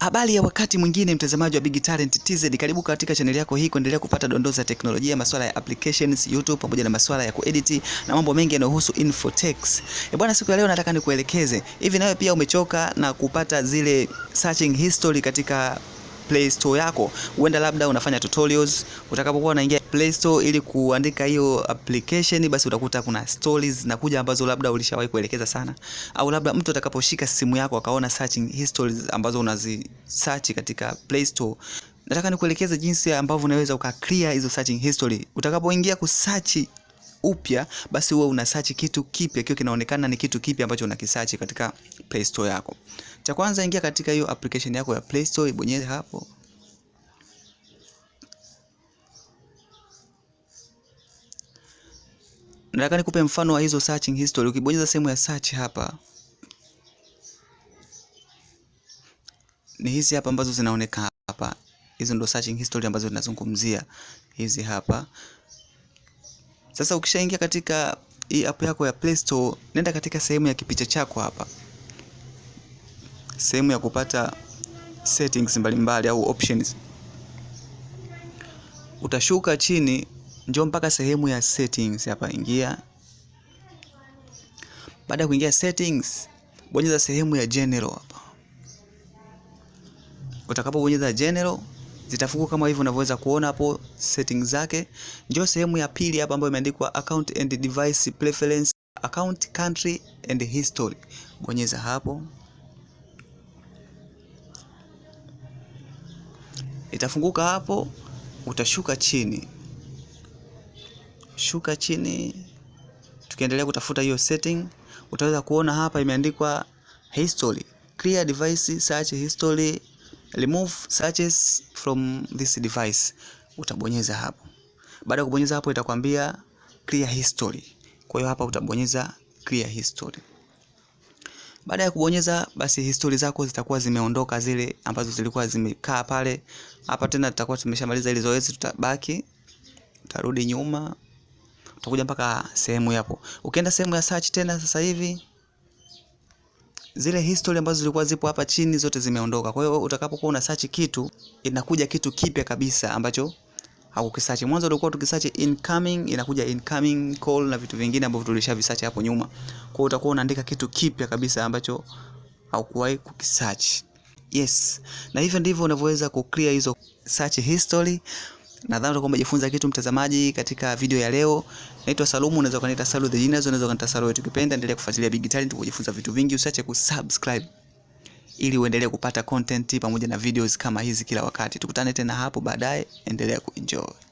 Habari ya wakati mwingine, mtazamaji wa Big Talent TZ, karibu katika chaneli yako hii kuendelea kupata dondoo za teknolojia, masuala ya applications YouTube, pamoja na masuala ya kuedit na mambo mengi yanayohusu infotech. E bwana, siku ya leo nataka nikuelekeze hivi, nawe pia umechoka na kupata zile searching history katika Play Store yako. Uenda labda unafanya tutorials, utakapokuwa unaingia Play Store ili kuandika hiyo application, basi utakuta kuna stories kuja ambazo labda ulishawahi kuelekeza sana, au labda mtu atakaposhika simu yako akaona searching histories ambazo unazi search katika Play Store. Nataka nikuelekeze jinsi ambavyo unaweza uka clear hizo searching history utakapoingia kusearch upya, basi huwa unasearch kitu kipya, kio kinaonekana ni kitu kipya ambacho unakisearch katika Play Store yako. Cha kwanza, ingia katika hiyo application yako ya Play Store, ibonyeze hapo Nataka nikupe mfano wa hizo searching history. Ukibonyeza sehemu ya search hapa, ni hizi hapa ambazo zinaonekana hapa. Hizo ndo searching history ambazo tunazungumzia hizi hapa. Sasa ukishaingia katika hii app yako ya Play Store, nenda katika sehemu ya kipicha chako hapa, sehemu ya kupata settings mbalimbali mbali, au options. Utashuka chini, njoo mpaka sehemu ya settings hapa, ingia. Baada ya kuingia settings, bonyeza sehemu ya general hapa. Utakapobonyeza general zitafunguka kama hivyo unavyoweza kuona hapo settings zake. Ndio sehemu ya pili hapa ambayo imeandikwa account and device preference, account country and history. Bonyeza hapo. Itafunguka hapo, utashuka chini, shuka chini. Tukiendelea kutafuta hiyo setting, utaweza kuona hapa imeandikwa history, clear device search history remove searches from this device, utabonyeza hapo. Baada ya kubonyeza hapo, itakwambia clear history. Kwa hiyo hapa utabonyeza clear history. Baada ya kubonyeza basi, history zako zitakuwa zimeondoka zile ambazo zilikuwa zimekaa pale. Hapa tena tutakuwa tumeshamaliza ile zoezi, tutabaki tutarudi nyuma, utakuja mpaka sehemu yapo. Ukienda sehemu ya search tena sasa hivi zile history ambazo zilikuwa zipo hapa chini zote zimeondoka. Kwa hiyo utakapokuwa una search kitu, inakuja kitu kipya kabisa ambacho hakukisearch mwanzo. Ulikuwa tukisearch incoming, inakuja incoming call na vitu vingine ambavyo tulishavisearch hapo nyuma. Kwa hiyo utakuwa unaandika kitu kipya kabisa ambacho haukuwahi kukisearch. Yes, na hivyo ndivyo unavyoweza kuclear hizo search history. Nadhani utakuwa umejifunza kitu mtazamaji katika video ya leo. Naitwa Salumu, unaweza kuniita Salu the Genius, unaweza kuniita Salu wetu kipenda. Endelea kufuatilia Big Talent kujifunza vitu vingi, usiache kusubscribe ili uendelee kupata content pamoja na videos kama hizi kila wakati. Tukutane tena hapo baadaye, endelea kuenjoy.